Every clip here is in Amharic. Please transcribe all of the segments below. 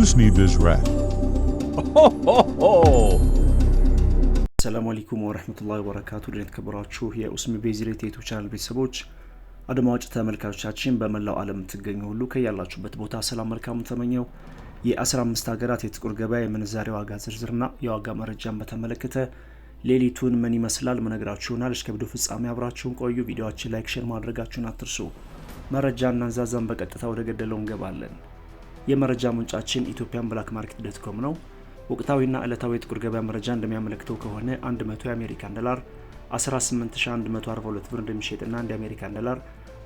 use me this rat. Ho, ho, ወበረካቱ ድን የተከበራችሁ የኡስሚ ቤዝሬት የዩቱብ ቻናል ቤተሰቦች አድማጭ ተመልካቾቻችን በመላው ዓለም የምትገኙ ሁሉ ከያላችሁበት ቦታ ሰላም መልካም ተመኘው። የ15 ሀገራት የጥቁር ገበያ የምንዛሬ ዋጋ ዝርዝርና የዋጋ መረጃን በተመለከተ ሌሊቱን ምን ይመስላል መነግራችሁ ይሆናል። እስከ ቪዲዮ ፍጻሜ አብራችሁን ቆዩ። ቪዲዮችን ላይክ፣ ሼር ማድረጋችሁን አትርሱ። መረጃ እናንዛዛን በቀጥታ ወደ ገደለው እንገባለን። የመረጃ ምንጫችን ኢትዮጵያን ብላክ ማርኬት ዶት ኮም ነው። ወቅታዊና ዕለታዊ የጥቁር ገበያ መረጃ እንደሚያመለክተው ከሆነ 100 የአሜሪካን ዶላር 18142 ብር እንደሚሸጥና አንድ የአሜሪካን ዶላር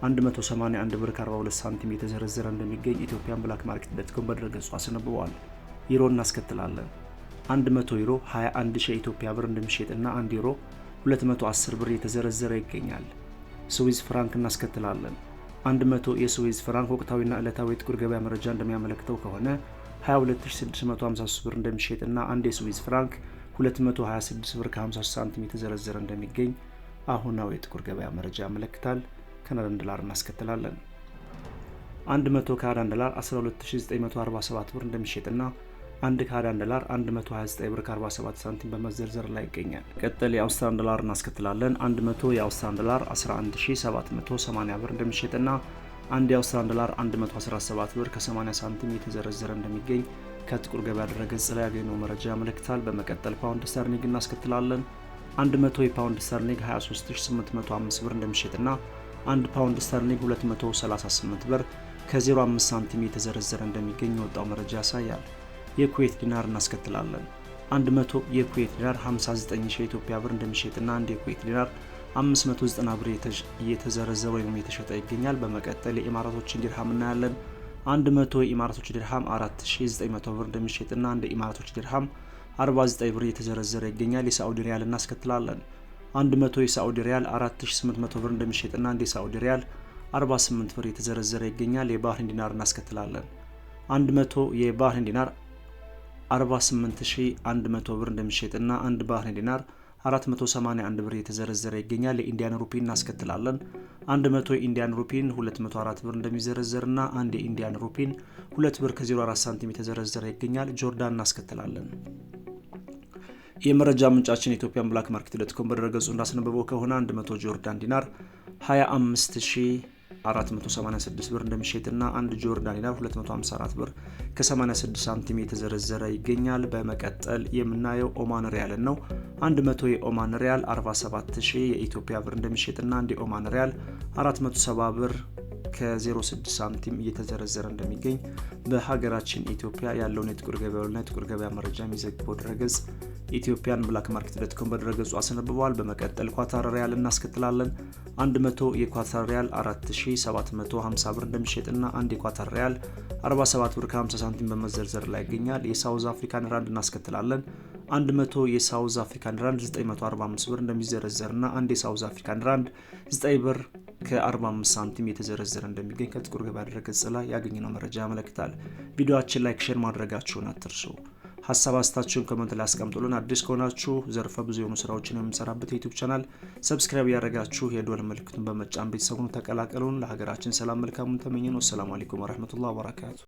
181 ብር 42 ሳንቲም የተዘረዘረ እንደሚገኝ ኢትዮጵያን ብላክ ማርኬት ዶት ኮም በድረገጹ አስነብበዋል። ዩሮ እናስከትላለን። 100 ዩሮ 21 ሺህ ኢትዮጵያ ብር እንደሚሸጥና 1 ዩሮ 210 ብር የተዘረዘረ ይገኛል። ስዊዝ ፍራንክ እናስከትላለን። 100 የስዊዝ ፍራንክ ወቅታዊና ዕለታዊ የጥቁር ገበያ መረጃ እንደሚያመለክተው ከሆነ 22653 ብር እንደሚሸጥና አንድ የስዊዝ ፍራንክ 226 ብር ከ53 ሳንቲም የተዘረዘረ እንደሚገኝ አሁናዊ የጥቁር ገበያ መረጃ ያመለክታል። ካናዳን ዶላር እናስከትላለን። 100 ካናዳን ዶላር 12947 ብር እንደሚሸጥና አንድ ካናዳን ዶላር 129 ብር 47 ሳንቲም በመዘርዘር ላይ ይገኛል። ቀጥል የአውስትራን ዶላር እናስከትላለን። 100 የአውስትራን ዶላር 11780 ብር እንደሚሸጥና አንድ የአውስትራን ዶላር 117 ብር ከ80 ሳንቲም የተዘረዘረ እንደሚገኝ ከጥቁር ገበያ ድረገጽ ላይ ያገኘው መረጃ ያመለክታል። በመቀጠል ፓውንድ ስተርሊንግ እናስከትላለን። 100 የፓውንድ ስተርሊንግ 23805 ብር እንደሚሸጥና አንድ ፓውንድ ስተርሊንግ 238 ብር ከ05 ሳንቲም የተዘረዘረ እንደሚገኝ የወጣው መረጃ ያሳያል። የኩዌት ዲናር እናስከትላለን። 100 የኩዌት ዲናር 59 ሺህ ኢትዮጵያ ብር እንደሚሸጥና አንድ የኩዌት ዲናር 590 ብር እየተዘረዘ ወይም የተሸጠ ይገኛል። በመቀጠል የኢማራቶችን ዲርሃም እናያለን። 100 የኢማራቶች ዲርሃም 4900 ብር እንደሚሸጥና አንድ የኢማራቶች ዲርሃም 49 ብር እየተዘረዘረ ይገኛል። የሳዑዲ ሪያል እናስከትላለን። 100 የሳዑዲ ሪያል 4800 ብር እንደሚሸጥና አንድ የሳዑዲ ሪያል 48 ብር እየተዘረዘረ ይገኛል። የባህሪን ዲናር እናስከትላለን። 100 የባህሪን ዲናር 48100 ብር እንደሚሸጥና አንድ ባህሬን ዲናር 481 ብር የተዘረዘረ ይገኛል። የኢንዲያን ሩፒን እናስከትላለን። 100 የኢንዲያን ሩፒን 204 ብር እንደሚዘረዘርና አንድ የኢንዲያን ሩፒን 2 ብር ከ04 ሳንቲም የተዘረዘረ ይገኛል። ጆርዳን እናስከትላለን። የመረጃ ምንጫችን የኢትዮጵያን ብላክ ማርኬት ዶት ኮም በድረገጹ እንዳስነበበው ከሆነ 100 ጆርዳን ዲናር 25000 486 ብር እንደሚሸጥና አንድ ጆርዳን ዲናር 254 ብር ከ86 ሳንቲም የተዘረዘረ ይገኛል። በመቀጠል የምናየው ኦማን ሪያልን ነው። 100 የኦማን ሪያል 47000 የኢትዮጵያ ብር እንደሚሸጥና አንድ የኦማን ሪያል 470 ብር ከ06 ሳንቲም እየተዘረዘረ እንደሚገኝ በሀገራችን ኢትዮጵያ ያለውን የጥቁር ገበያና የጥቁር ገበያ መረጃ የሚዘግበው ድረገጽ ኢትዮጵያን ብላክ ማርኬት ዶት ኮም በድረገጹ አስነብበዋል። በመቀጠል ኳታር ሪያል እናስከትላለን። 100 የኳታር ሪያል 4750 ብር እንደሚሸጥና አንድ የኳታር ሪያል 47 ብር ከ50 ሳንቲም በመዘርዘር ላይ ይገኛል። የሳውዝ አፍሪካን ራንድ እናስከትላለን። 100 የሳውዝ አፍሪካን ራንድ 945 ብር እንደሚዘረዘርና አንድ የሳውዝ አፍሪካን ራንድ 9 ብር ከ45 ሳንቲም የተዘረዘረ እንደሚገኝ ከጥቁር ገበያ ድረገጽ ላይ ያገኘነው መረጃ ያመለክታል። ቪዲዮችን ላይክ፣ ሼር ማድረጋችሁን አትርሱ። ሀሳብ አስታችሁን ኮመንት ላይ አስቀምጡልን። አዲስ ከሆናችሁ ዘርፈ ብዙ የሆኑ ስራዎችን የምንሰራበት የዩቲዩብ ቻናል ሰብስክራይብ ያደረጋችሁ የዶል ምልክቱን በመጫን ቤተሰቡን ተቀላቀሉን። ለሀገራችን ሰላም መልካሙን ተመኘ ነው። አሰላሙ ወረህመቱላህ ወበረካቱ